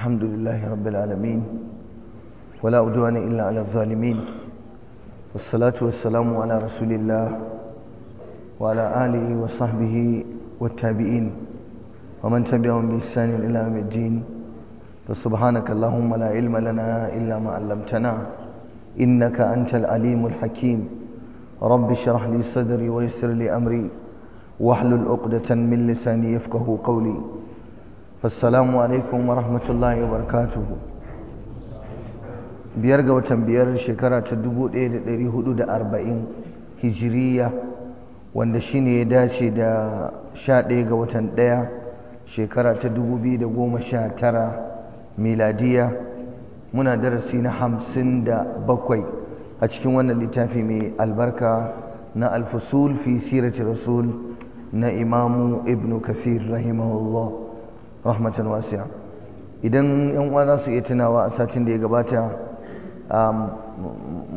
الحمد لله رب العالمين ولا أدوان إلا على الظالمين والصلاة والسلام على رسول الله وعلى آله وصحبه والتابعين ومن تبعهم بإحسان إلى يوم الدين فسبحانك اللهم لا علم لنا إلا ما علمتنا إنك أنت العليم الحكيم رب اشرح لي صدري ويسر لي أمري واحلل عقدة من لساني يفقه قولي assalamu alaikum wa rahmatullahi wa barakatuhu biyar ga watan biyar shekara ta 1440 hijiriya wanda shine ya dace da 11 ga watan 1 shekara ta 2019 miladiya muna darasi na 57 a cikin wannan littafi mai albarka na alfusul fi sirati rasul na imamu ibnu kasir rahimahullah rahmatan wasiya idan yan uwa za su iya tunawa a satin da ya gabata um,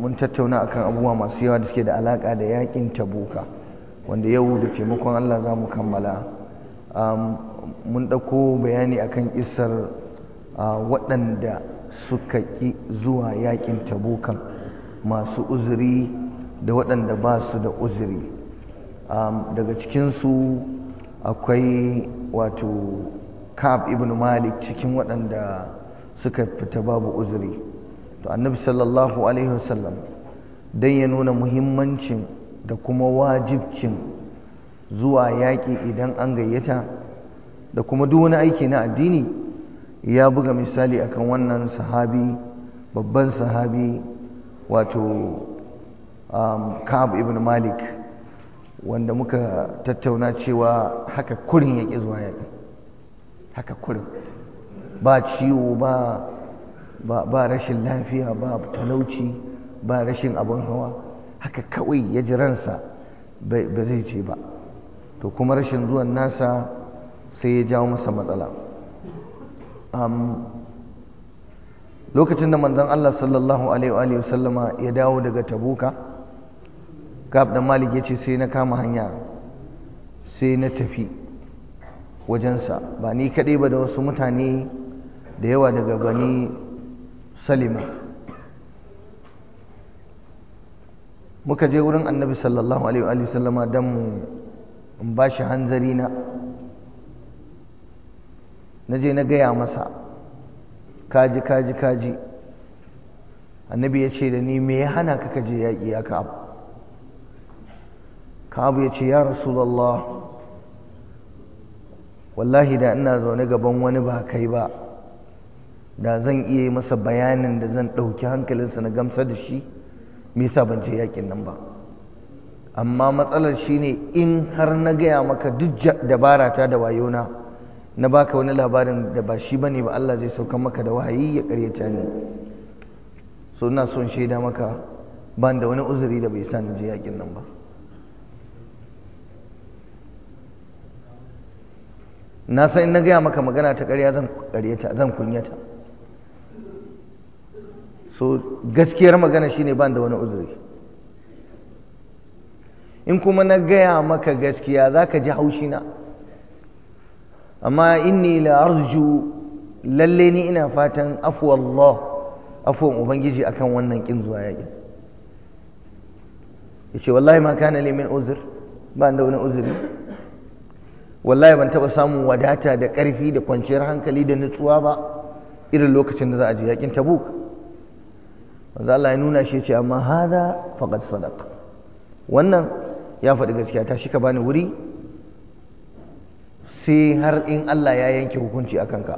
mun tattauna akan abubuwa masu yawa da suke da alaka da yakin tabuka wanda yau da taimakon Allah za mu kammala um, mun ɗauko bayani akan isar uh, waɗanda suka ƙi zuwa yakin tabukan masu uzuri da waɗanda ba su da uzuri um, daga cikinsu akwai wato kaf ibn malik cikin waɗanda suka fita babu uzuri to annabi sallallahu alaihi wasallam dan ya nuna muhimmancin da kuma wajibcin zuwa yaƙi idan an gayyata da kuma duk wani aiki na addini ya buga misali akan wannan sahabi babban sahabi wato um, Ka'ab ibn Malik wanda muka tattauna cewa haka kurin yake zuwa yaƙi haka kurin ba ciwo ba ba rashin lafiya ba talauci ba rashin abin hawa haka kawai ya ji ransa ba zai ce ba to kuma rashin zuwan nasa sai ya jawo masa matsala lokacin da manzon Allah sallallahu alaihi wa sallama ya dawo daga tabuka gab da malik ya ce sai na kama hanya sai na tafi wajensa ba ni kaɗai ba da wasu mutane da yawa daga bani salima muka je wurin annabi sallallahu alaihi sallama don mu in ba shi hanzari na na je na gaya masa kaji kaji kaji annabi ya ce da ni me ya hana ka kaje yaƙi ya Ka abu ya ce ya rasulallah wallahi da ina zaune gaban wani ba kai ba da zan iya yi masa bayanin da zan ɗauki hankalinsa na gamsa da shi me yasa ban je yakin nan ba amma matsalar shi ne in har na gaya maka duk dabara ta da wayona na baka wani labarin da ba shi ba ne ba Allah zai sauka maka da wahayi ya karyata ni so ina son shaida maka ban da wani uzuri da bai sa ni je yakin nan ba na san in na gaya maka magana ta ƙarya zan ƙaryata zan kunyata so gaskiyar magana shine ban da wani uzuri in kuma na gaya maka gaskiya za ka ji na? amma inni la arju lalle ni ina fatan afuwallah afuwan ubangiji akan wannan kin zuwa yaƙi ya ce wallahi ma kana limin uzur ba da wani uzuri wallahi ban taba samun wadata da ƙarfi da kwanciyar hankali da nutsuwa ba irin lokacin da za a je yakin tabuk manzo Allah ya nuna shi ce amma hada faqad sadaq wannan ya faɗi gaskiya ta shi ka bani wuri sai har in Allah ya yanke hukunci a kanka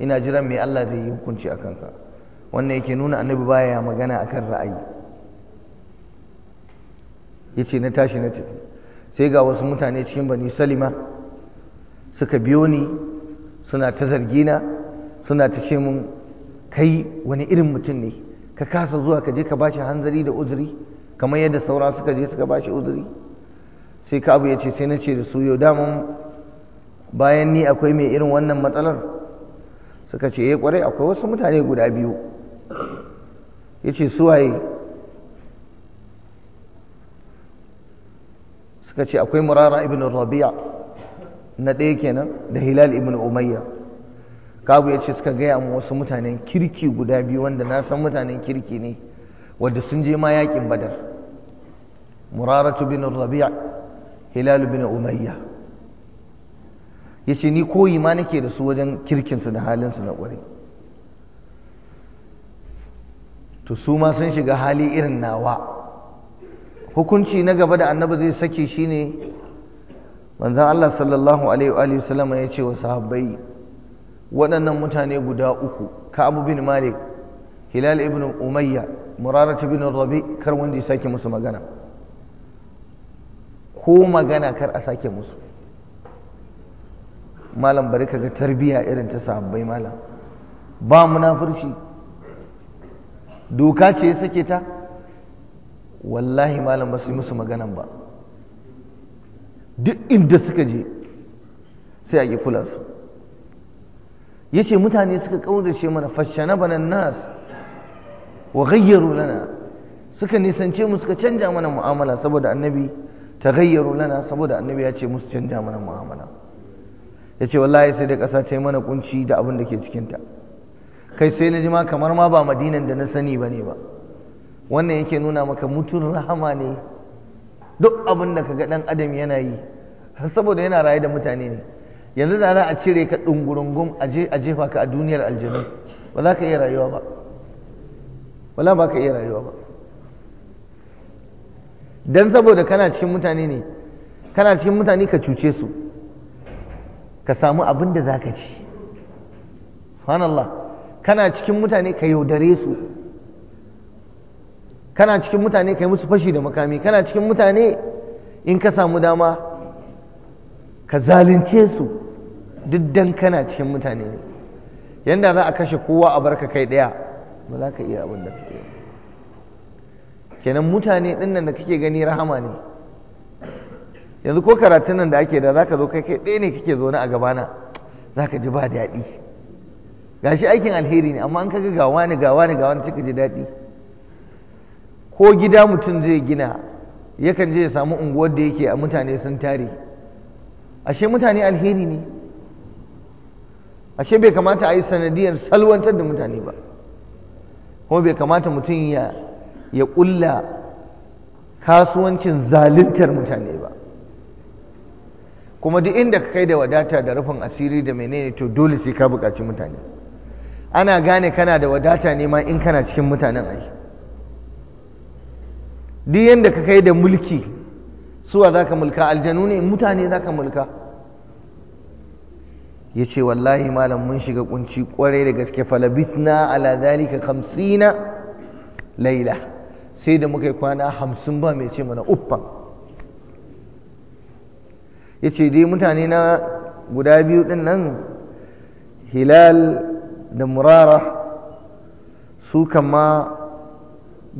ina jiran mai Allah zai yi hukunci a kanka wannan yake nuna annabi baya magana akan ra'ayi yace na tashi na tafi sai ga wasu mutane cikin bani salima suka biyo ni suna ta zargina suna ta ce mun kai wani irin mutum ne ka kasa zuwa ka je ka bashi hanzari da uzuri kamar yadda saura suka je suka bashi uzuri sai ka abu ya ce sai na ce da su yau daman bayan ni akwai mai irin wannan matsalar suka ce ya eh, kwarai akwai wasu mutane guda biyu ya ce waye. suka ce akwai murara ibn rabi'a na ɗaya kenan da hilal ibn umayya kabu ya ce suka gaya mu wasu mutanen kirki guda biyu wanda na san mutanen kirki ne wadda sun je ma yakin badar muraratu bin rabi'a hilal ibn umayya ya ce ni koyi ma nake da su wajen kirkinsu da halinsu na ƙwari to su ma sun shiga hali irin nawa hukunci na gaba da annabi zai saki shine manzan Allah sallallahu alaihi wa ya ce wa sahabbai waɗannan mutane guda uku abu bin Malik Hilal ibn Umayya Murarata bin Rabi kar wanda ya sake musu magana ko magana kar a sake musu malam bari ka ga tarbiya irin ta sahabbai malam ba munafurci doka ce ya sake ta wallahi malam ba yi musu maganan ba duk inda suka je sai a yi kula su ya ce mutane suka ƙaurace mana fashana banan nas wa gayyaru lana suka nisance mu suka canja mana mu'amala saboda annabi ta gayyaru lana saboda annabi ya ce musu canja mana mu'amala ya ce wallahi sai da ƙasa ta yi mana kunci da abin da ke cikinta kai sai na ji ma kamar ma ba madinan da na sani ba ne ba wannan yake nuna maka mutun rahama ne duk abin da kaga dan adam yana yi saboda yana raye da mutane ne yanzu da za a cire ka dungurungum a jefa ka a duniyar aljanu ba za ka iya rayuwa ba wala ba ka iya rayuwa ba dan saboda kana cikin mutane ne kana cikin mutane ka cuce su ka samu abin da za ka ci subhanallah kana cikin mutane ka yaudare su kana cikin mutane kai musu fashi da makami kana cikin mutane in ka samu dama ka zalunce su duk dan kana cikin mutane ne yanda za a kashe kowa a barka kai ɗaya ba za ka iya abin da kake kenan mutane ɗin nan da kake gani rahama ne yanzu ko karatun nan da ake da za ka zo kai kai ɗaya ne kake zaune a gabana za ka ji ba daɗi gashi aikin alheri ne amma an kaga gawa ne gawa ne gawa ne cika ji daɗi ko gida mutum zai gina yakan je ya samu unguwar da yake a mutane sun tare ashe mutane alheri ne ashe bai kamata a yi sanadiyar salwantar da mutane ba kuma bai kamata mutum ya ya ƙulla kasuwancin zaluntar mutane ba kuma duk inda ka kai da wadata da rufin asiri da menene to dole sai ka buƙaci mutane ana gane kana da wadata ne ma in kana cikin mutanen ai duk yadda ka kai da mulki suwa za ka mulka aljanu ne mutane za ka mulka ya ce wallahi malam mun shiga kunci kwarai da gaske falabisna ala zalika kamsina laila sai da muka yi kwana hamsin ba mai ce mana uffan ya ce dai mutane na guda biyu din nan hilal da murara su kama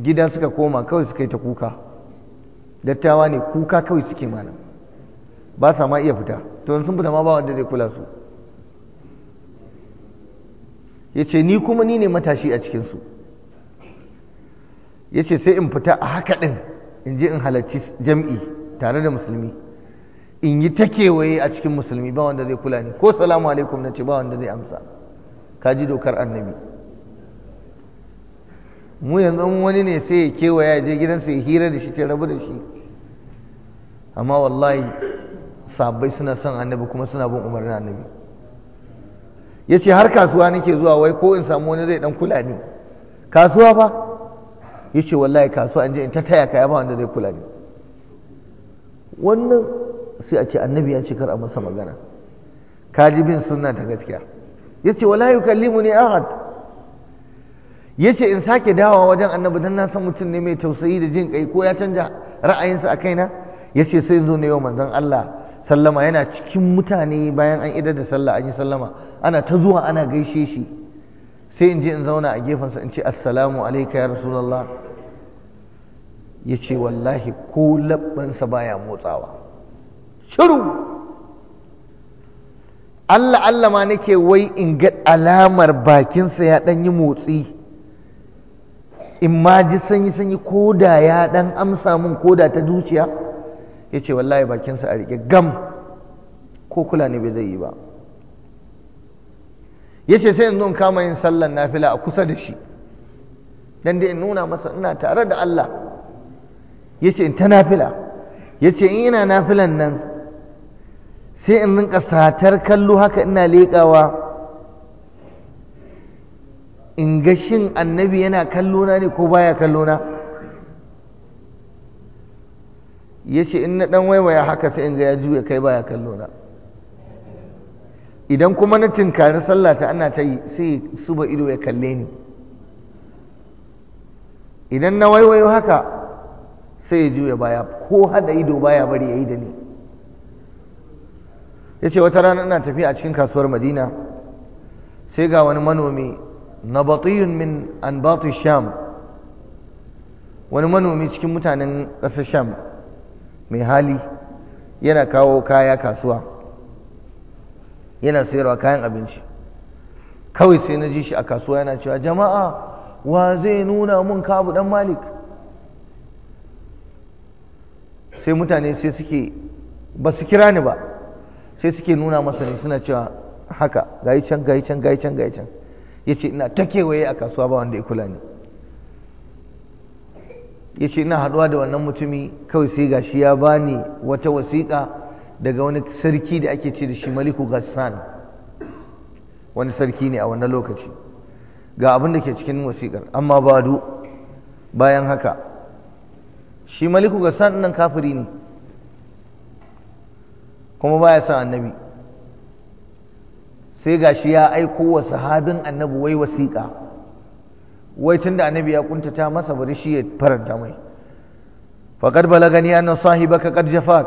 gida suka koma kawai suka yi ta kuka dattawa ne kuka kawai suke mana ba sa ma iya fita to sun fita ma ba wanda zai kula su ya ce ni kuma ni ne matashi a cikinsu ya ce sai in fita a haka ɗin in je in halarci jam'i tare da musulmi in yi ta kewaye a cikin musulmi ba wanda zai kula ni ko salamu alaikum na ce ba wanda zai amsa ka ji dokar annabi mu yanzu wani ne sai ya kewaya ya je gidansa ya hira da shi ce rabu da shi amma wallahi sabbai suna son annabi kuma suna bin umarnin annabi ya ce har kasuwa nake zuwa wai ko in samu wani zai dan kula ni kasuwa fa ya ce wallahi kasuwa in je in ta taya kaya ba wanda zai kula ni wannan sai a ce annabi ya ce kar a masa magana ka ji bin sunna ta gaskiya ya ce kalli mu ni ahad yace in sake dawowa wajen annabi dan na san mutum ne mai tausayi da jin kai ko ya canja ra'ayinsa a kaina yace sai zo ne yau manzon Allah sallama yana cikin mutane bayan an idar da sallah an yi sallama ana ta zuwa ana gaishe shi sai in je in zauna a gefensa in ce assalamu alayka ya rasulullah yace wallahi ko labbansa baya motsawa shiru Allah Allah ma nake wai in ga alamar bakinsa ya ɗan yi motsi in ma ji sanyi sanyi ko da ya ɗan amsa mun ko da ta zuciya ya ce wallahi bakinsa a rike gam ko kula ne bai zai yi ba ya ce sai in zo in kama yin sallan nafila a kusa da shi dan dai in nuna masa ina tare da Allah ya ce in ta nafila ya ce in ina nafilan nan sai in rinka satar kallo haka ina leƙawa in ga shin annabi yana kallona ne ko baya kallona ya ce in na ɗan waiwaya haka sai in ga ya juya kai baya kallona idan kuma na tinkari sallata ana ta yi sai suba ido ya kalle ni idan na waiwayo haka sai ya juya baya ko hada ido baya bari ya yi da ni ya ce wata rana ina tafiya a cikin kasuwar madina sai ga wani manomi نبطي من أنباط الشام ونمنو ميشكم متعنى قصة الشام مهالي yana kawo kaya kasuwa yana sayarwa kayan abinci kawai sai na ji shi a kasuwa yana cewa jama'a wa zai sai mutane sai suke ba su kira ni ba sai suke nuna masa ne suna cewa haka gayi can gayi can gayi can gayi can yace ina ta kewaye a kasuwa ba wanda ya kula ni yace ina haɗuwa da wannan mutumi kawai sai gashi ya bani wata wasiƙa daga wani sarki da ake ce da shi maliku gassan wani sarki ne a wannan lokaci ga abin da ke cikin wasiƙar amma du bayan haka shi maliku gassan nan kafiri ne kuma baya sa annabi sai ga shi ya aiko wa sahabin annabi wai wasiƙa wai tunda annabi ya kuntata masa bari shi ya faranta mai faqad balagani anna sahibaka qad jafak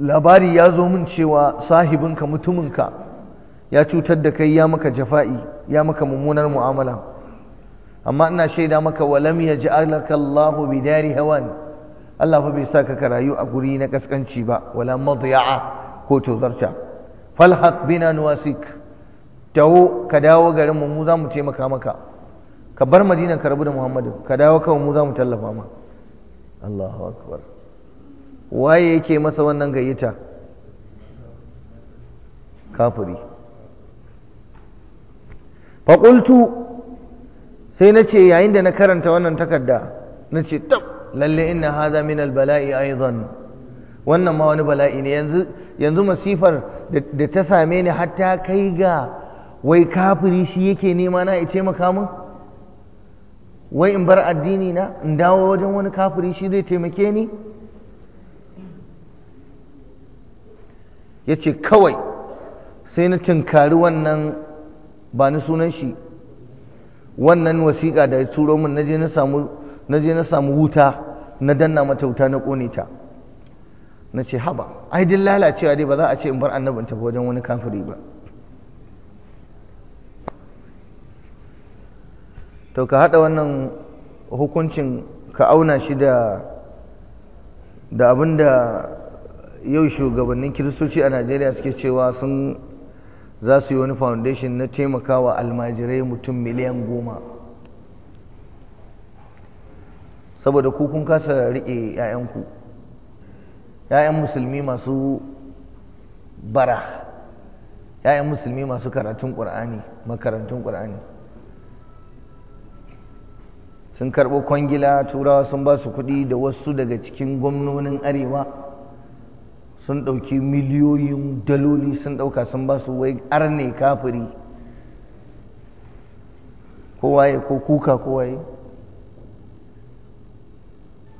labari ya zo min cewa sahibinka mutuminka ya cutar da kai ya maka jafa'i ya maka mummunar mu'amala amma ina shaida maka walam ji Allahu bidari hawan Allah fa bai saka ka rayu a guri na kaskanci ba wala madya'a ko tozarta falhaq bina nuwasik taho ka dawo garin mu za mu taimaka maka ka bar madinan ka rabu da muhammadu ka dawo kawai mu za mu tallafa ma allahu akbar waye yake masa wannan gayyata kafiri faƙultu sai na ce yayin da na karanta wannan takarda na ce tab lalle inna haza min albala'i aizan wannan ma wani bala'i ne yanzu masifar da ta same ni hatta kai ga wai kafiri shi yake nema na ya taimaka min wai in bar addini na in dawo wajen wani kafiri shi zai taimake ni ya ce kawai sai na tinkari wannan ba ni sunan shi wannan wasiƙa da ya turo min na je na samu wuta na danna mata wuta na kone ta na ce haba ai din lalacewa dai ba za a ce in bar annabin tafi wajen wani kafiri ba to ka haɗa wannan hukuncin ka auna shi da da abin yau shugabannin kiristoci a najeriya suke cewa sun za su yi wani foundation na taimakawa almajirai mutum miliyan goma saboda ku kun kasa riƙe 'ya'yanku 'ya'yan musulmi masu bara 'ya'yan musulmi masu karatun ƙur'ani makarantun ƙur'ani sun karɓo kwangila turawa sun ba su kuɗi da wasu daga cikin gwamnonin arewa sun ɗauki miliyoyin daloli sun ɗauka sun ba su wai arne kafiri kowaye ko kuka kowaye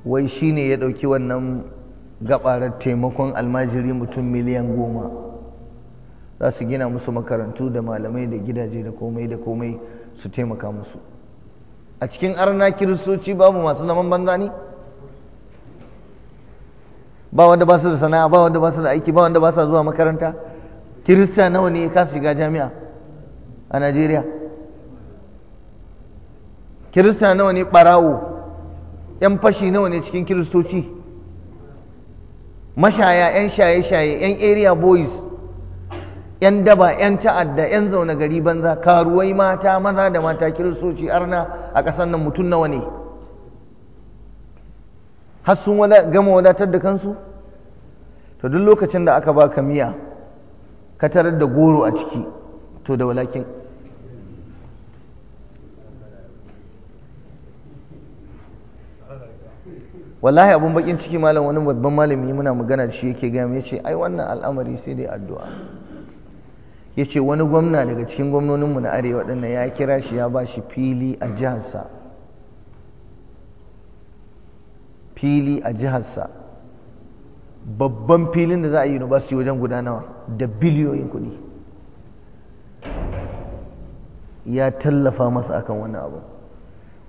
wai shine ya ɗauki wannan gabarar taimakon almajiri mutum miliyan goma za su gina musu makarantu da malamai da gidaje da komai da komai su taimaka musu a cikin arna kiristoci babu masu zaman banza ne ba wanda ba su da sana'a ba wanda ba su da aiki ba wanda ba su zuwa makaranta kirista nawa ne ka shiga jami'a a najeriya kirista nawa ne barawo yan fashi nawa ne cikin kiristoci mashaya 'yan shaye-shaye 'yan area boys 'yan daba 'yan ta'adda 'yan zaune gari banza karuwai mata maza da mata kiristoci arna a ƙasar nan mutum nawa ne har sun gama wadatar da kansu to duk lokacin da aka ba ka miya ka tarar da goro a ciki to da walakin wallahi abun bakin ciki malam wani babban malami muna magana da shi yake gaya mai ce ai wannan al'amari sai dai addu'a ya ce wani gwamna daga cikin gwamnoninmu na arewa dana ya kira shi ya bashi fili a jiharsa fili a jiharsa babban filin da za a yi university wajen gudanawa da biliyoyin kuɗi ya tallafa masa akan wannan abu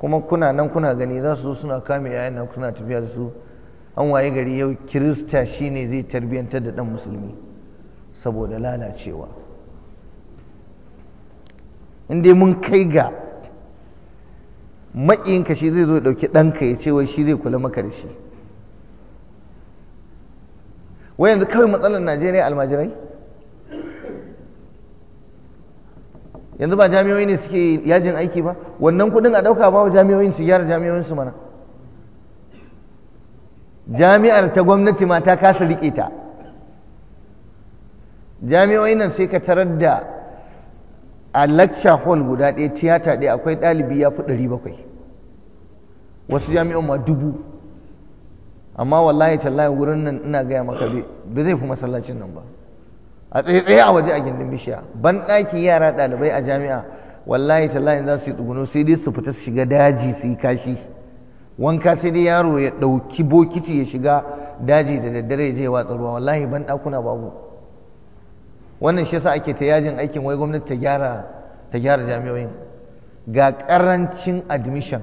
kuma kuna nan kuna gani za su zo suna kame yayan nan kuna tafiya da su an waye gari yau kirista shi ne zai tarbiyantar da dan musulmi saboda lalacewa in dai mun kai ga maƙiyinka shi zai zo ɗauki ɗanka ya ce wai shi zai kula maka da shi wai yanzu kawai matsalar najeriya almajirai yanzu ba jami'o'i ne suke yajin aiki ba wannan kudin a ɗauka ba jami'o'in su gyara jami'o'in su mana jami'ar ta gwamnati ma ta kasa rike ta jami'o'in nan sai ka tarar da a lecture hall guda ɗaya tiyata ɗaya akwai ɗalibi ya fi ɗari bakwai wasu jami'an ma dubu amma wallahi tallahi wurin nan ina gaya maka bai zai fi masallacin nan ba a tsaye a waje a gindin bishiya ban ɗaki yara ɗalibai a jami'a wallahi tallahi za su yi tsuguno sai dai su fita su shiga daji su yi kashi wanka sai dai yaro ya ɗauki bokiti ya shiga daji da daddare ya je watsa ruwa wallahi ban ɗakuna babu wannan shi yasa ake ta yajin aikin wai gwamnati ta gyara ta gyara jami'o'in ga ƙarancin admission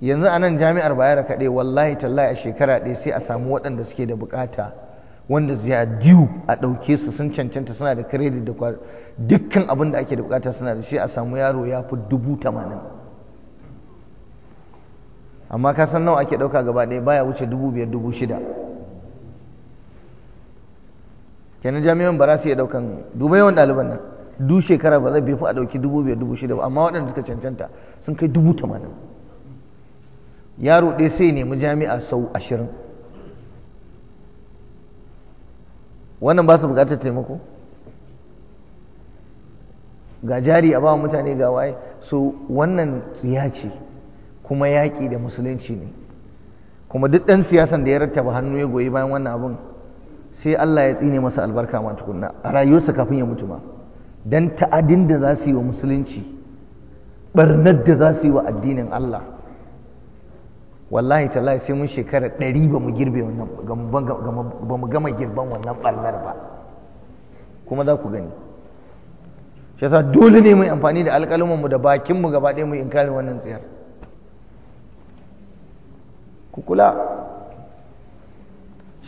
yanzu a nan jami'ar bayar kaɗai wallahi tallahi a shekara ɗaya sai a samu waɗanda suke da buƙata wanda zai diyu a ɗauke su sun cancanta suna da kredit da kwa dukkan abin da ake da bukata suna da shi a samu yaro ya fi dubu tamanin amma ka san nawa ake ɗauka gaba ɗaya baya wuce dubu biyar dubu shida kenan jami'an ba za su iya ɗaukan dubai yawan ɗaliban nan duk shekara ba zai bi a ɗauki dubu biyar dubu shida ba amma waɗanda suka cancanta sun kai dubu tamanin yaro ɗaya sai nemi jami'a sau ashirin wannan ba su bukatar taimako ga jari a bawa mutane ga waye so wannan tsiya ce kuma yaƙi da musulunci ne kuma duk ɗan siyasan da ya rattaba hannu ya goyi bayan wannan abun sai Allah ya tsine masa albarka ma tukunna a rayuwarsa kafin ya mutu ma dan ta'adin da za su yi wa musulunci ɓarnar da za su yi wa addinin Allah wallahi tallahi sai mun shekara ɗari ba mu girbe wannan ba mu gama girban wannan ɓarnar ba kuma za ku gani shi yasa dole ne mai amfani da alƙalumanmu da bakinmu gaba ɗaya mu inkari wannan tsayar ku kula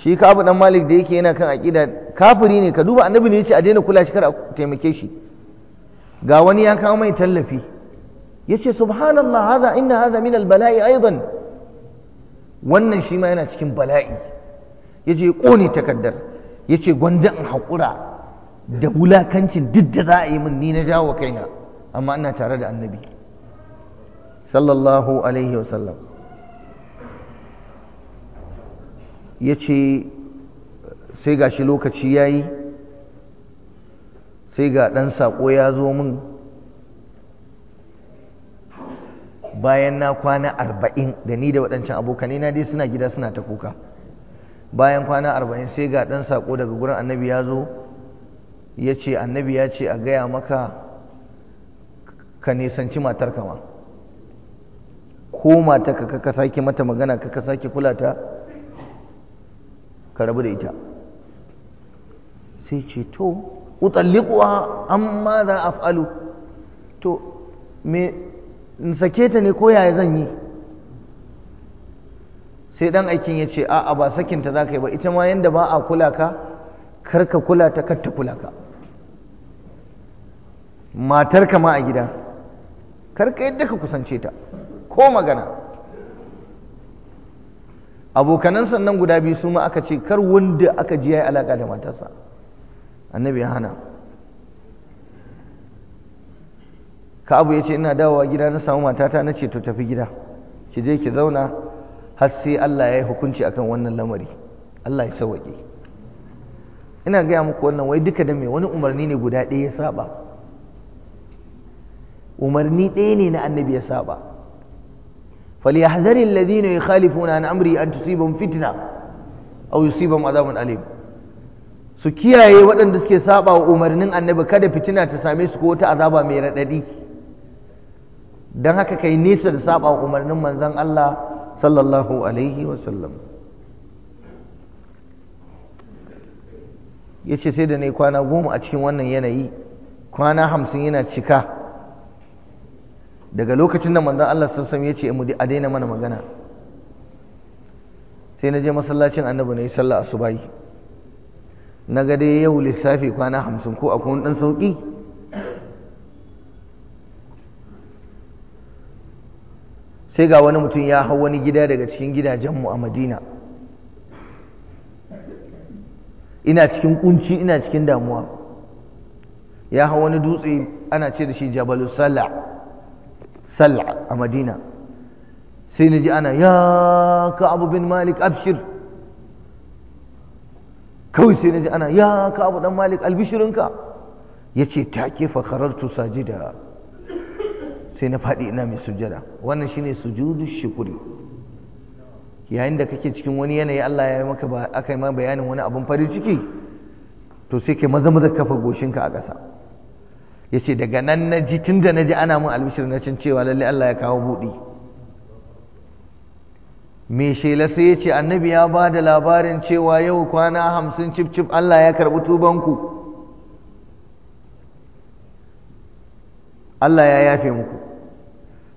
shi abu dan malik da yake yana kan aƙida kafiri ne ka duba annabi ne ya ce a daina kula shi a taimake shi ga wani ya kawo mai tallafi ya ce subhanallah haza inna haza min albala'i aidan wannan shi ma yana cikin bala'i ya je ƙone takardar ya ce gwanda in haƙura da wulakancin duk da za a yi min ni na jawo kaina amma ina tare da annabi sallallahu alaihi wasallam ya ce sai ga shi lokaci ya yi sai ga ɗan saƙo ya zo min bayan na kwana arba'in da ni da waɗancan abokanai na dai suna gida suna ta kuka bayan kwana arba'in sai ga ɗan saƙo daga gurin annabi ya zo ya ce annabi ya ce a gaya maka ka nisanci matar kama ko mata ka ka sake mata magana ka ka sake kula ta ka rabu da ita sai ce to utalliquha amma za af'alu to me in sake ta ne ko yaya zan yi sai dan aikin ya ce a'a ba sakinta za ka yi ba ita ma yanda ba a kula ka kar ka kula ta kar ta kula ka matar ka ma a gida kar ka yadda ka kusance ta ko magana abokanan sannan guda biyu su ma aka ce kar wanda aka ji yi alaka da matarsa annabi ya hana ka'abu ya ce ina dawowa gida na samu matata na ce to tafi gida ki je ki zauna har sai Allah ya yi hukunci akan wannan lamari Allah ya sauwaƙe ina gaya muku wannan wai duka da mai wani umarni ne guda ɗaya ya saba umarni ɗaya ne na annabi ya saba فليحذر الذين يخالفون عن امري ان تصيبهم فتنه او يصيبهم عذاب اليم su kiyaye waɗanda suke saba wa umarnin annabi kada fitina ta same su ko wata azaba mai raɗaɗi don haka kai nesa da saba umarnin manzon Allah sallallahu alaihi wasallam ya ce sai da na yi kwana goma a cikin wannan yanayi kwana hamsin yana cika daga lokacin da manzon Allah sassan ya ce a daina mana magana sai na je masallacin annabi na yi sallah asubahi na ga dai yau lissafi kwana hamsin ko akwai dan sauki sai ga wani mutum ya hau wani gida daga cikin gidajenmu a madina ina cikin kunci ina cikin damuwa ya hau wani dutse ana ce da shi jabalu salla, salla a madina sai na ji ana ya ka abu bin malik abshir kawai sai na ji ana ya ka abu dan malik albishirinka ya ce take tusaji da sai na faɗi ina mai sujada wannan shine sujudu shukuri yayin da kake cikin wani yanayi Allah ya yi maka ba aka yi ma bayanin wani abun farin ciki to sai kai maza maza kafa goshinka a ƙasa yace daga nan na ji tunda na ji ana mun albishir na cin cewa lalle Allah ya kawo buɗi me shela sai yace annabi ya ba da labarin cewa yau kwana hamsin cif cif Allah ya karɓi tubanku Allah ya yafe muku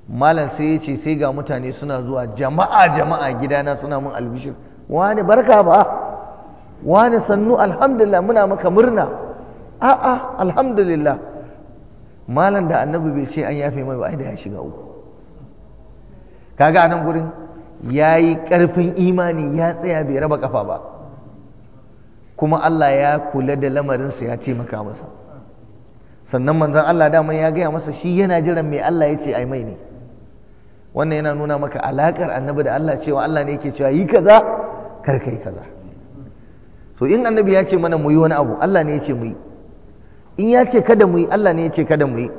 malam sai ya ce sai ga mutane suna zuwa jama'a jama'a gidana suna mun albishir wani barka ba wani sannu alhamdulillah muna maka murna a'a alhamdulillah malam da annabi bai ce an yafe mai ba da ya shiga uku kaga a nan gurin ya yi ƙarfin imani ya tsaya bai raba kafa ba kuma Allah ya kula da lamarinsa ya taimaka masa sannan manzon Allah daman ya gaya masa shi yana jiran mai Allah ya ce ai mai ne wannan yana nuna maka alaƙar annabi da Allah cewa Allah ne yake cewa yi kaza kar kai kaza so in annabi ya ce mana mu yi wani abu Allah ne ya ce mu yi in ya ce kada mu yi Allah ne ya ce kada mu yi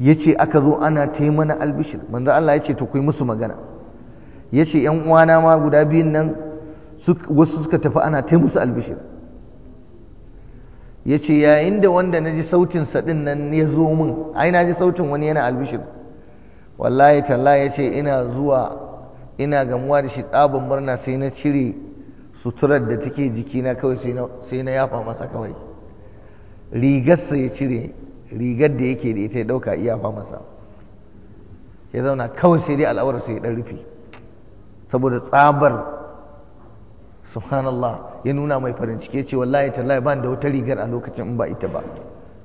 ya ce aka zo ana tai mana albishir manzo Allah yace to ku yi musu magana ya ce ‘yan uwana ma guda biyun nan wasu suka tafi ana tai musu albishir ya ce yayin da wanda na ji sa din nan ya zo min ai na ji sautin wani yana albishir wallahi ya ce ina zuwa ina gamuwa da shi tsabin murna sai na cire suturar da take jikina kawai sai na yafa masa kawai rigarsa ya cire rigar da yake da ita ya dauka fa masa ya zauna kawai sai dai al'awar sai ya rufe saboda tsabar subhanallah ya nuna mai farin ciki ya ce wallahi tallahi ban da wata rigar a lokacin in ba ita ba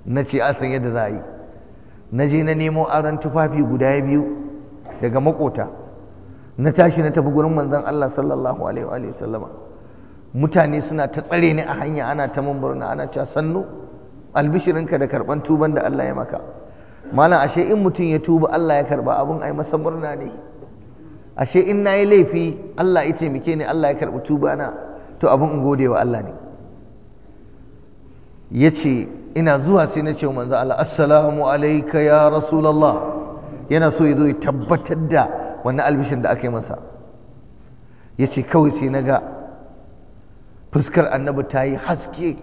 na ce san yadda za a yi na je na nemo aron tufafi guda biyu daga makota na tashi na tafi gurin manzon Allah sallallahu alaihi wa sallama mutane suna ta tsare ni a hanya ana ta mamburna, ana cewa sannu albishirinka da karban tuban da Allah ya maka malam ashe in mutum ya tuba Allah ya karba abun ai masa murna ne ashe in nayi laifi Allah ya taimake ni Allah ya karbi tuba na to abun in gode wa Allah ne yace ina zuwa sai na ce manzo Allah assalamu alayka ya rasulullah yana so ya zo ya tabbatar da wannan albishin da aka yi masa ya ce kawai sai na ga fuskar annabi ta yi haske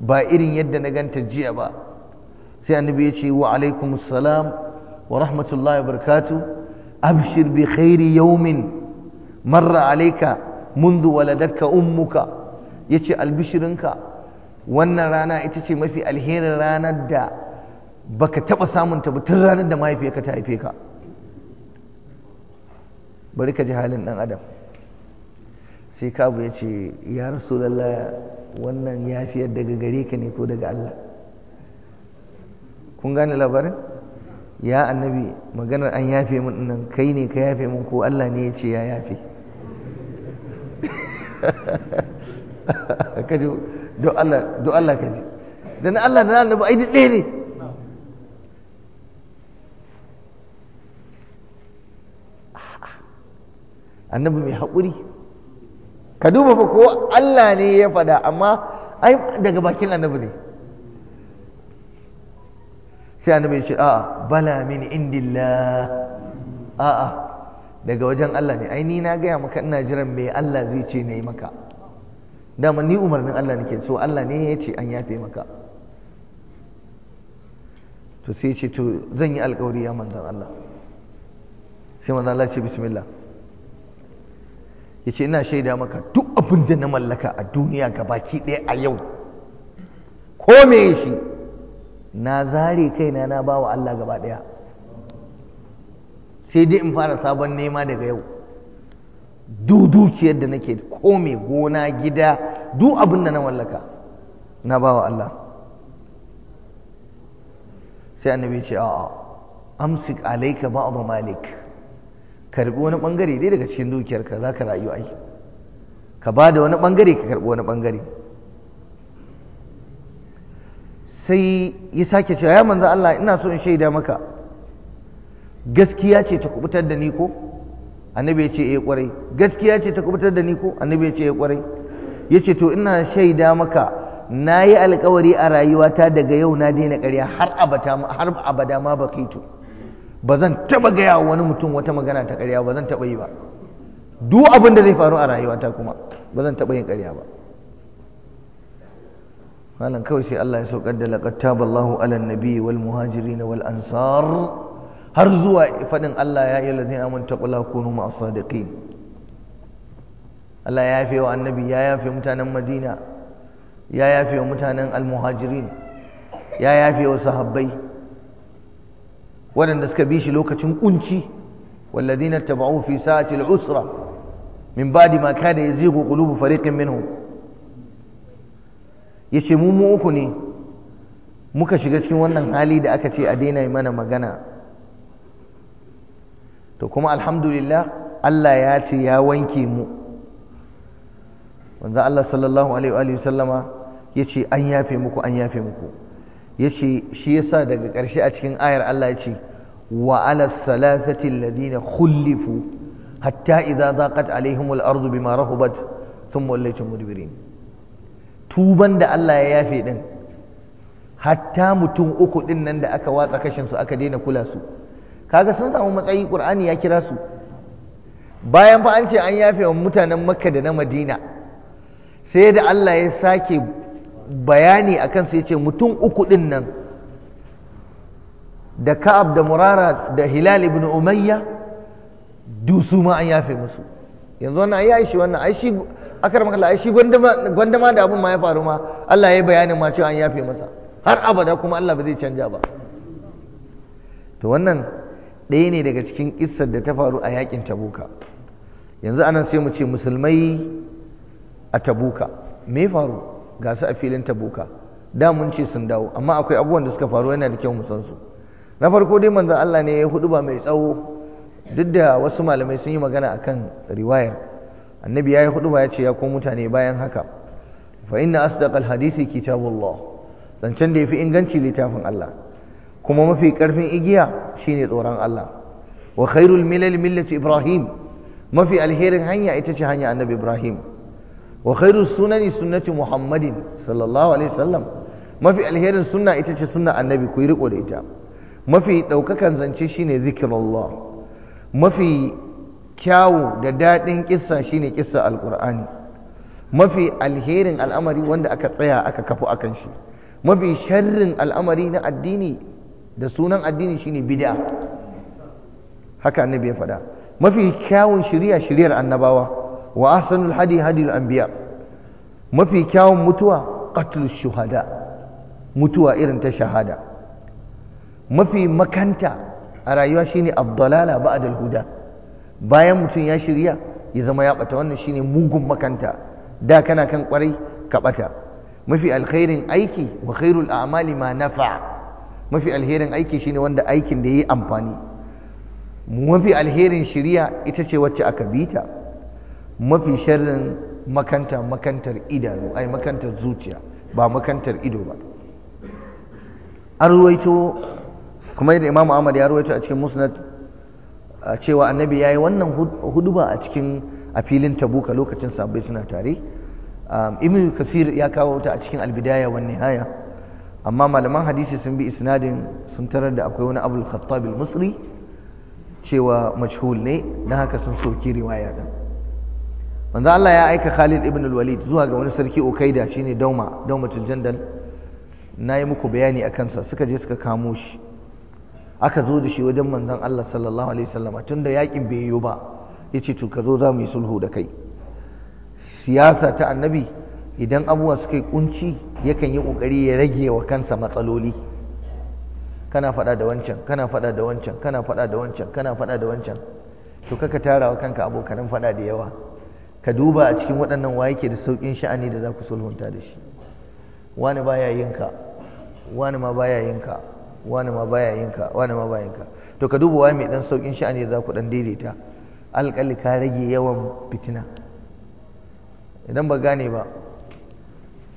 ba irin yadda na ganta jiya ba sai annabi ya ce wa alaikum salam wa rahmatullahi wa barakatuh abshir bi khairi yawmin marra alayka منذ ولدتك أمك يتي البشرنك wannan rana ita ce mafi alherin ranar da baka taba samun ta tun ranar da mahaifiyarka ta haife ka bari ka ji halin dan adam sai kabu ya ce ya rasulallah wannan yafiyar daga gare ka ne ko daga Allah kun gane labarin ya annabi maganar an yafe min nan kai ne ka yafe min ko Allah ne ya ce ya yafe don Allah ka ji da na Allah da na annabi ai ɗaya ne annabi mai haƙuri ka duba fa ko Allah ne ya faɗa amma ai daga bakin annabi ne sai annabi ya ce a'a bala min indillah a'a daga wajen Allah ne ai ni na gaya maka ina jiran me Allah zai ce ne maka dama ni umarnin Allah nake so Allah ne ya ce an yafe maka to sai ce to zan yi alkawari ya manzan Allah sai manzan Allah ce bismillah ya ina shaida maka duk abin da na mallaka a duniya baki ɗaya a yau ko me shi na zare kaina na bawa Allah gaba ɗaya sai dai in fara sabon nema daga yau du dukiyar da nake ko mai gona gida du abin da na wallaka na bawa Allah sai annabi ce a amsik alaika abu malik karbi wani bangare dai daga cikin dukiyarka zaka rayu ai ka ba da wani bangare ka karbi wani bangare sai ya sake cewa ya manzo Allah ina so in shaida maka gaskiya ce ta kubutar da ni ko annabi ya ce eh kwarai gaskiya ce ta kubutar da ni ko annabi ya ce eh kwarai ya ce to ina shaida maka na yi alkawari a rayuwata daga yau na daina ƙarya har abada ma bakitu ba zan taɓa gaya wani mutum wata magana ta ƙarya ba zan taɓa yi ba duk abin da zai faru a rayuwata kuma ba zan taɓa yin ƙarya ba malam kawai sai Allah ya saukar da laqad taballahu alan nabiyyi wal muhajirin wal ansar har zuwa faɗin Allah ya yi lazina mun taƙula kunu masu sadiqin Allah ya yafe wa annabi ya yafe mutanen Madina ya yafe wa mutanen almuhajirin ya yafe wa sahabbai waɗanda suka bi shi lokacin kunci والذين اتبعوه في ساعة usra من بعد ما كان يزيغ قلوب فريق منهم yace mu mu uku ne muka shiga cikin wannan hali da aka ce a daina mana magana to kuma alhamdulillah Allah ya ce ya wanke mu wanzu Allah sallallahu alaihi wa sallama ya ce an yafe muku an yafe muku ya ce shi yasa daga ƙarshe a cikin ayar Allah ya ce wa ala salasati alladhina khulifu hatta idza zaqat alaihim al-ardu bima rahubat thumma wallaytum mudbirin tuban da Allah ya yafe din hatta mutum uku din nan da aka watsa kashin su aka daina kula su kaga sun samu matsayi qur'ani ya kira su bayan fa an ce an yafe wa mutanen makka da na madina sai da Allah ya sake bayani akan su ya ce mutum uku din nan da ka'ab da murara da hilal ibn umayya dusu ma an yafe musu yanzu wannan ai aishi wannan aishi akar makalla aishi gwandama da abin ma ya faru ma Allah ya yi bayanin ma cewa an yafe masa har abada kuma Allah ba zai canja ba to wannan ɗaya ne daga cikin kissar da ta faru a yakin tabuka yanzu anan sai mu ce musulmai a tabuka me faru ga su a filin tabuka da mun ce sun dawo amma akwai abubuwan da suka faru yana da kyau mu san su na farko dai manzon Allah ne ya hudu ba mai tsawo duk da wasu malamai sun yi magana akan riwayar annabi ya yi hudu ya ce ya ko mutane bayan haka fa inna asdaqal hadisi kitabullah zancen da ya fi inganci littafin Allah kuma mafi karfin igiya shine tsoron Allah wa khairul milal millati ibrahim mafi alherin hanya ita ce hanya annabi ibrahim wa khairus sunani sunnati muhammadin sallallahu alaihi wasallam mafi alherin sunna ita ce sunna annabi ku yi riko da ita mafi daukakan zance shine zikrullah mafi kyawu da dadin kissa shine kissa alqur'ani mafi alherin al'amari wanda aka tsaya aka kafu akan shi mafi sharrin al'amari na addini da sunan addini shine bid'a haka annabi ya faɗa mafi kyawun shari'a shari'ar annabawa wa ahsanul hadi hadil anbiya mafi kyawun mutuwa qatlu shuhada mutuwa irin ta shahada mafi makanta a rayuwa shine abdalala ba'da huda bayan mutum ya shirya ya zama ya bata wannan shine mugun makanta da kana kan kwarai ka bata mafi alkhairin aiki wa khairul a'mali ma nafa mafi alherin aiki shine wanda aikin da ya yi amfani mafi alherin shiriya ita ce wacce aka bi ta mafi sharrin makanta makantar idanu ai makantar zuciya ba makantar ido ba an ruwaito kuma yadda imamu ahmad ya ruwaito a cikin musnad cewa annabi ya yi wannan huduba a cikin a filin tabuka lokacin sabbai suna tare ibn kafir ya kawo ta a cikin albidaya wa nihaya amma malaman hadisi sun bi isnadin sun tarar da akwai wani abul khattab al-musri cewa majhul ne na haka sun soki riwaya din manzo Allah ya aika Khalid ibn al-Walid zuwa ga wani sarki Ukaida shine Dauma Daumatul Jandal nayi muku bayani akan sa suka je suka kamo shi aka zo da shi wajen manzon Allah sallallahu alaihi wasallama tunda yakin bai yiwu ba yace to ka zo za mu yi sulhu da kai siyasa ta annabi idan abuwa suka yi kunci yakan yi ƙoƙari ya rage wa kansa matsaloli kana faɗa da wancan kana faɗa da wancan kana faɗa da wancan kana faɗa da wancan to kaka tara wa kanka abokanan faɗa da yawa ka duba a cikin waɗannan wa yake da sauƙin sha'ani da za ku sulhunta da shi wani baya yin ka wani ma baya yin ka wani ma baya yin ka wani ma baya yin ka to ka duba wa mai ɗan sauƙin sha'ani da za ku ɗan daidaita alƙali ka rage yawan fitina idan ba gane ba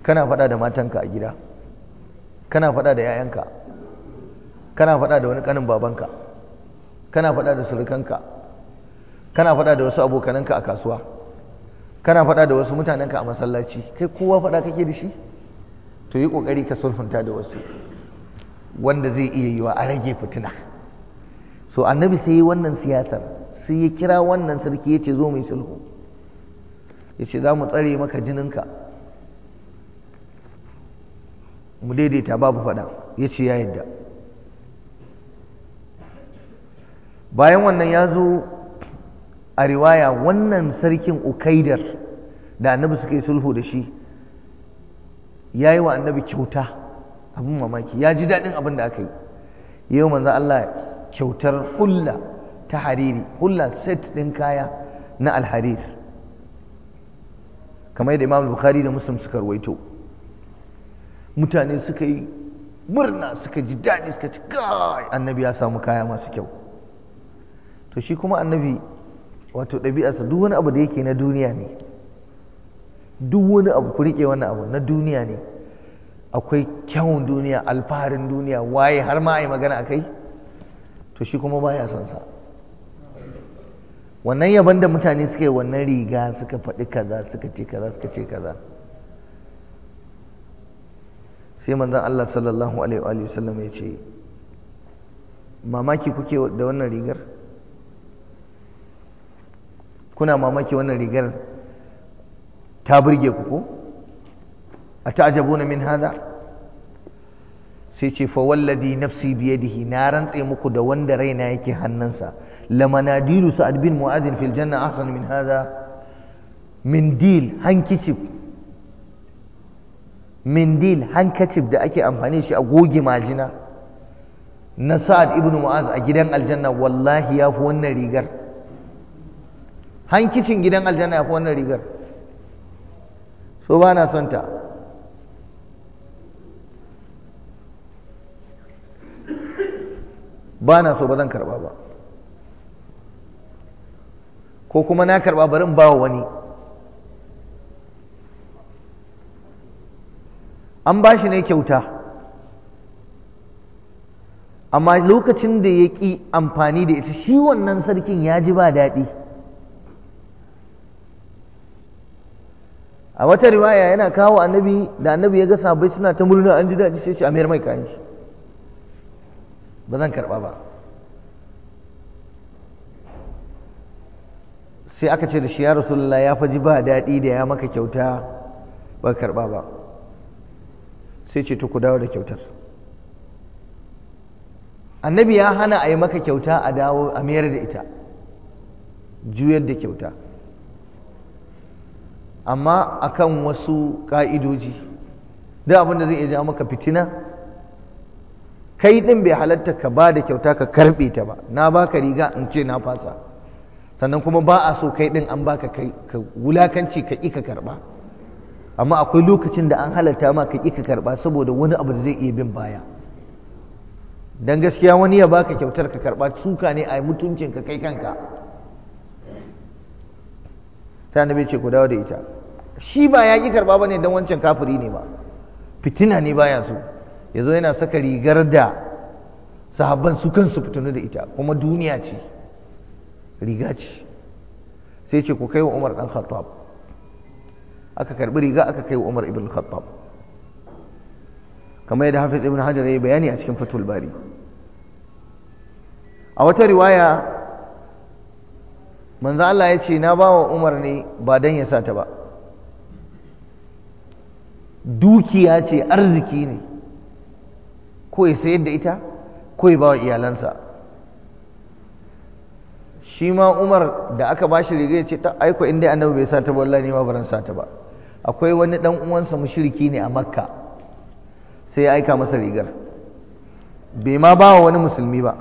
kana faɗa da matanka a gida kana faɗa da 'ya'yanka kana faɗa da wani ƙanin babanka kana faɗa da surukanka kana faɗa da wasu abokananka a kasuwa kana faɗa da wasu mutanenka a masallaci kai kowa faɗa kake da shi to yi ƙoƙari ka sulhunta da wasu wanda zai iya yiwa a rage fitina so annabi sai yi wannan siyasar sai ya kira wannan sarki ya ce zo mai sulhu ya ce za mu tsare maka jininka mu daidaita babu faɗa ya ce ya yadda bayan wannan ya zo a riwaya wannan sarkin ukaidar da annabi suka yi sulhu da shi ya yi wa annabi kyauta abin mamaki ya ji daɗin abin da aka yi yau manzo Allah kyautar hulla ta hariri hulla set ɗin kaya na alharir kamar yadda imam bukhari da muslim suka ruwaito mutane suka yi murna suka ji daɗi suka ci kai annabi ya samu kaya masu kyau to shi kuma annabi wato ɗabi'arsa duk wani abu da yake na duniya ne duk wani abu ku riƙe wannan abu na duniya ne akwai kyawun duniya alfaharin duniya waye har ma a yi magana kai to shi kuma baya son sa wannan yaban da mutane suka yi wannan riga suka faɗi kaza suka ce kaza suka ce kaza sai manzon Allah sallallahu alaihi wa sallam ya ce mamaki kuke da wannan rigar kuna mamaki wannan rigar ta burge ku ko a ta'ajabuna min hada sai ce fa wallazi nafsi biyadihi na rantse muku da wanda raina yake hannunsa lamanadiru sa'ad bin mu'adin fil janna ahsan min hada min dil handkerchief mindil hankacif da ake amfani shi a goge majina na sa'ad ibn mu'az a gidan aljanna wallahi ya fi wannan rigar hankicin gidan aljanna ya fi wannan rigar so ba na son ta ba na so ba zan karba ba ko kuma na karba barin ba wa wani an ba shi ne kyauta amma lokacin da ya ƙi amfani da ita shi wannan sarkin ya ji ba daɗi a wata riwaya yana kawo annabi da annabi ya ga sabai suna ta murna an ji daɗi sai a mayar mai kayan shi ba zan karɓa ba sai aka ce da shi ya rasulullah ya faji ba daɗi da ya maka kyauta ba karɓa ba sai ce to ku dawo da kyautar annabi ya hana a yi maka kyauta a dawo a mayar da ita juyar da kyauta amma akan wasu ƙa'idoji da abin da zai iya jawo maka fitina kai ɗin bai halatta ka ba da kyauta ka karɓe ta ba na ba ka riga in ce na fasa sannan kuma ba a so kai ɗin an ba ka wulakanci ka ƙi ka karɓa amma akwai lokacin da an halarta ma ka ƙi ka karɓa saboda wani abu da zai iya bin baya don gaskiya wani ya baka kyautar ka karɓa suka ne a mutuncin ka kai kanka ta bai ce ku dawo da ita shi ba ya ƙi karɓa ne don wancan kafiri ne ba fitina ne baya so zo yana saka rigar da sahabban su kansu fitinu da ita kuma duniya ce riga ce sai ce ku kai wa Umar ɗan Khattab aka karbi riga aka kai wa Umar ibn Khattab kamar yadda Hafiz ibn Hajar yayi bayani a cikin Fathul Bari a wata riwaya manzo Allah ya ce na bawa Umar ne ba dan ya sata ba dukiya ce arziki ne ko ya sayar da ita ko ya bawa iyalansa shi ma Umar da aka bashi riga ya ce ta aiko inda annabi bai sata ba wallahi ne ma baran sata ba akwai wani ɗan uwansa mushriki ne a makka sai ya aika masa rigar bai ma ba wa wani musulmi ba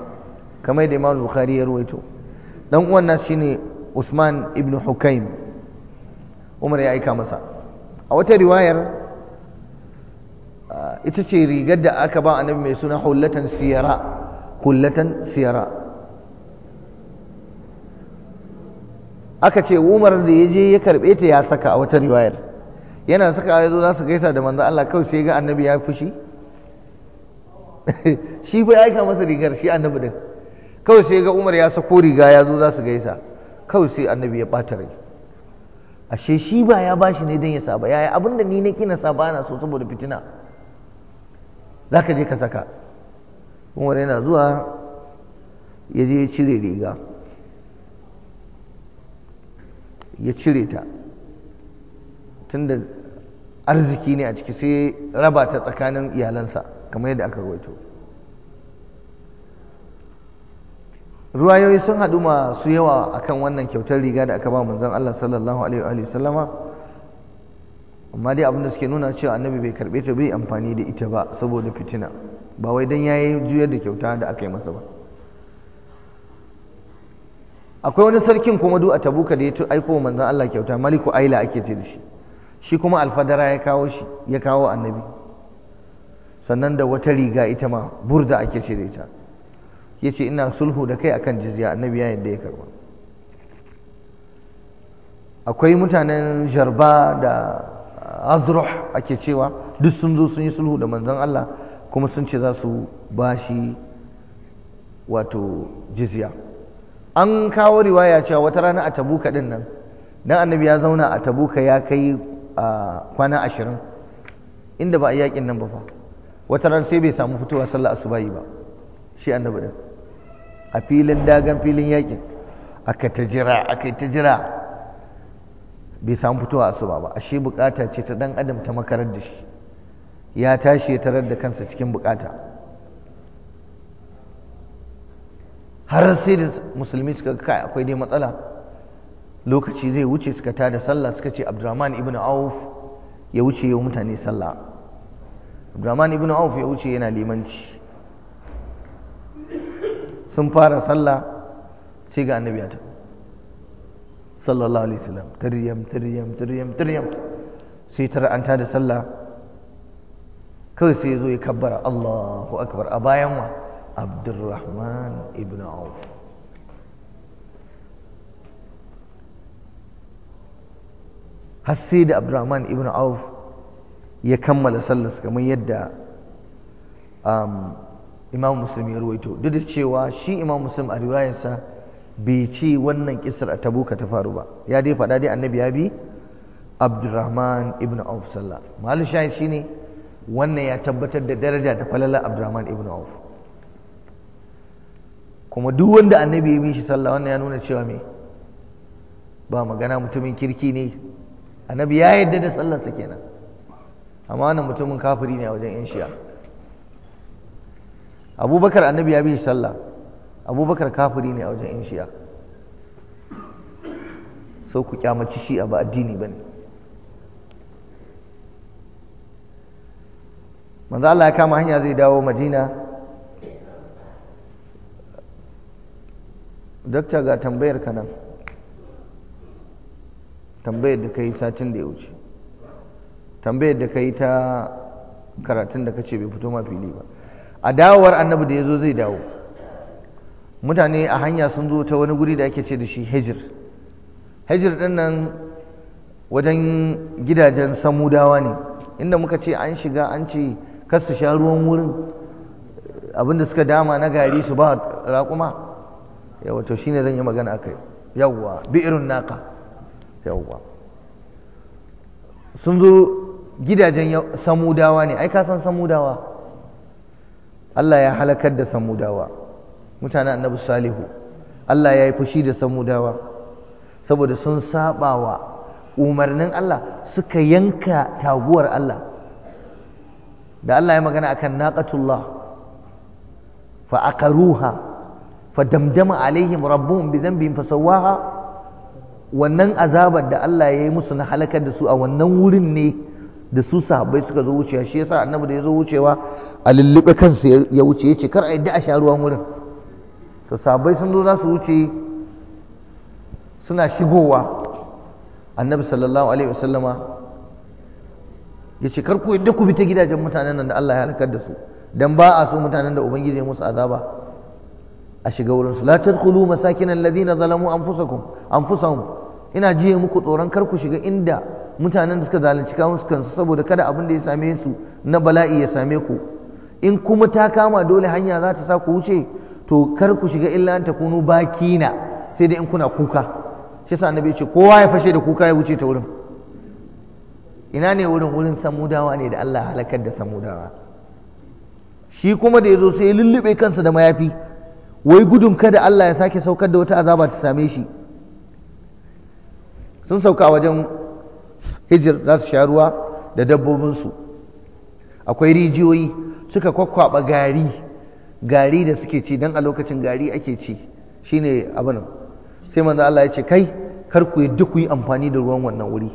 kamar da imam bukhari ya ruwaito dan uwan nan shine usman ibn hukaim umar ya aika masa a wata riwayar ah, ita ce rigar da aka ba annabi mai suna hullatan siyara hullatan siyara aka ce umar da ya je ya karbe ta ya saka a wata riwayar yana saka ya zo za su gaisa da manzo Allah kawai sai ga annabi ya fushi shi bai aika masa rigar shi annabi din kawai sai ga Umar ya sako riga ya zo za su gaisa kawai sai annabi ya bata rai ashe shi ba ya bashi ne don ya saba yaya abinda ni na kina saba na so saboda fitina za ka je ka saka Umar yana zuwa ya je ya cire riga ya cire ta tunda arziki ne a ciki sai raba ta tsakanin iyalansa kamar yadda aka rawaito ruwayoyi sun haɗu masu yawa akan wannan kyautar riga da aka ba manzon Allah sallallahu alaihi wa sallama amma dai abin da suke nuna cewa annabi bai karbe ta bai amfani da ita ba saboda fitina ba wai dan yayi juyar da kyauta da aka yi masa ba akwai wani sarkin kuma du a tabuka da ya aiko manzon Allah kyauta maliku aila ake ce da shi shi kuma alfadara ya kawo shi ya kawo annabi sannan da wata riga ita ma burda ake ce ta ita ya ce ina sulhu da kai akan jizya annabi ya yadda ya karba akwai mutanen jarba da azruh ake cewa duk sun zo sun yi sulhu da manzon Allah kuma sun ce za su shi wato jizya an kawo riwaya cewa wata rana a tabuka din nan dan annabi ya zauna a tabuka ya kai kwana ashirin inda ba a yakin nan ba fa wata ran sai bai samu fitowa sallah asubahi ba shi annabi din a filin dagan filin yakin aka ta jira aka ta jira bai samu fitowa asuba ba ashe bukata ce ta dan adam ta makarar da shi ya tashi ya tarar da kansa cikin bukata har sai da musulmi suka kai akwai dai matsala lokaci zai wuce suka tada sallah suka ce abdurrahman ibn auf ya wuce yau mutane sallah abdurrahman ibn auf ya wuce yana limanci sun fara sallah sai ga annabi ya sallallahu alaihi wasallam tiryam tiryam tiryam tiryam sai tara an tada sallah kawai sai ya zo ya kabbara allahu akbar a bayan wa abdurrahman ibn auf har sai da abdurrahman ibn auf ya kammala sallarsa kamar yadda um, imam muslim ya ruwaito duk da cewa shi imam muslim a riwayarsa bai ce wannan kisar a tabuka ta faru ba ya dai faɗa dai annabi ya bi abdurrahman ibn auf sallah malu shahid shine wannan ya tabbatar da daraja ta falala abdurrahman ibn auf kuma duk wanda annabi ya bi shi sallah wannan ya nuna cewa me ba magana mutumin kirki ne annabi ya yadda da sallarsa kenan amma wannan mutumin kafiri ne a wajen yan shiya abubakar annabi ya bi shi sallah abubakar kafiri ne a wajen yan shiya sau ku kyamaci a ba addini ba ne manzo Allah ya kama hanya zai dawo madina dokta ga tambayar ka nan tambayar da ka yi satin da ya wuce tambayar da ka yi ta karatun da ka ce bai fito ma fili ba a dawowar annabi da ya zo zai dawo mutane a hanya sun zo ta wani guri da ake ce da shi hijir hijir ɗin nan wajen gidajen samudawa ne inda muka ce an shiga an ce kar su sha ruwan wurin abinda suka dama na gari su ba raƙuma yawa to shine zan yi magana aka yawwa bi irin naka yawwa sun zo gidajen samudawa ne ai ka san samudawa Allah ya halakar da samudawa mutanen annabi salihu Allah ya yi fushi da samudawa saboda sun saba wa umarnin Allah suka yanka taguwar Allah da Allah ya magana akan naqatullah fa aqaruha fa damdama alaihim rabbuhum bi dhanbihim fasawaha wannan azabar da Allah ya yi musu na halakar da su a wannan wurin ne da su sahabbai suka zo wucewa shi yasa annabi da ya zo wucewa a lullube kansu ya wuce ya ce kar a yi a sha ruwan wurin to sahabbai sun zo za su wuce suna shigowa annabi sallallahu alaihi wasallama ya ce kar ku yadda ku bi ta gidajen mutanen nan da Allah ya halakar da su dan ba a so mutanen da ubangiji ya musu azaba a shiga wurin su la tadkhulu masakinal ladina zalamu anfusakum anfusahum ina jiye muku tsoron kar ku shiga inda mutanen da suka zalunci su kansu saboda kada abin da ya same su na bala'i ya same ku in kuma ta kama dole hanya za ta sa ku wuce to kar ku shiga illa an takunu bakina sai dai in kuna kuka shi sa annabi ce kowa ya fashe da kuka ya wuce ta wurin ina ne wurin wurin samudawa ne da Allah halakar da samudawa shi kuma da yazo sai ya lullube kansa da mayafi wai gudun kada Allah ya sake saukar da wata azaba ta same shi sun sauka wajen hijir za su sha ruwa da dabbobinsu akwai rijiyoyi suka kwakwaba gari gari da suke ci don a lokacin gari ake ci shine abin sai manzo Allah ya ce kai kar ku yi duk yi amfani da ruwan wannan wuri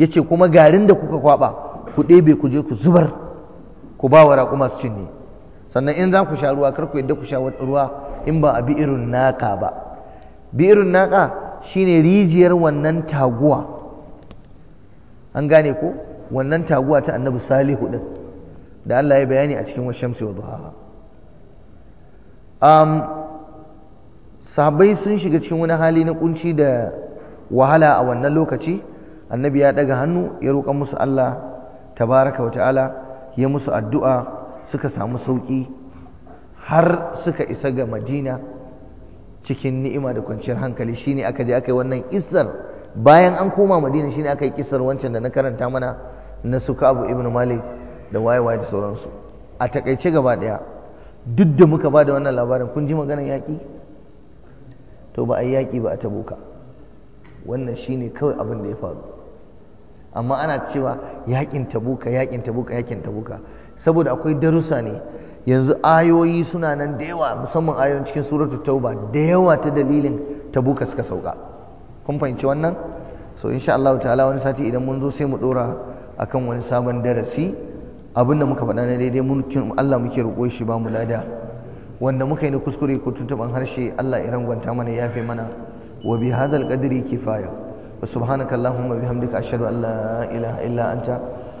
Ya ce kuma garin da kuka kwaba ku ɗebe ku je ku zubar ku ba wa raƙuma su cinye sannan in za ku sha ruwa kar ku yadda ku sha ruwa in ba a bi irin naka ba bi irin naka shine rijiyar wannan taguwa an gane ko wannan taguwa ta annabi salihu din da Allah ya bayani a cikin washamsi wa duhaha um, sahabbai sun shiga cikin wani hali na kunci da wahala a wannan lokaci annabi ya daga hannu ya roƙa musu Allah tabaraka wa ta'ala ya musu addu'a suka samu sauƙi har suka isa ga madina cikin ni'ima da kwanciyar hankali shine aka je aka yi wannan kissar bayan an koma madina shine aka yi kissar wancan da na karanta mana na suka abu ibn malik da waye waye da sauransu a takaice gaba daya duk da muka ba da wannan labarin kun ji maganar yaƙi to ba a yi yaƙi ba a tabuka wannan shine kawai abin da ya faru amma ana cewa yaƙin tabuka yaƙin tabuka yaƙin tabuka saboda akwai darussa ne yanzu ayoyi suna nan da yawa musamman ayoyin cikin suratu tauba da yawa ta dalilin tabuka suka sauka kun fahimci wannan so insha Allah ta'ala wani sati idan mun zo sai mu dora akan wani sabon darasi abin da muka faɗa na daidai kin Allah muke roƙo shi ba mu lada wanda muka yi na kuskure ko tuntuban harshe Allah ya gwanta mana ya fi mana wa bi hadal qadri kifaya wa subhanakallahumma bihamdika ashhadu an la ilaha illa anta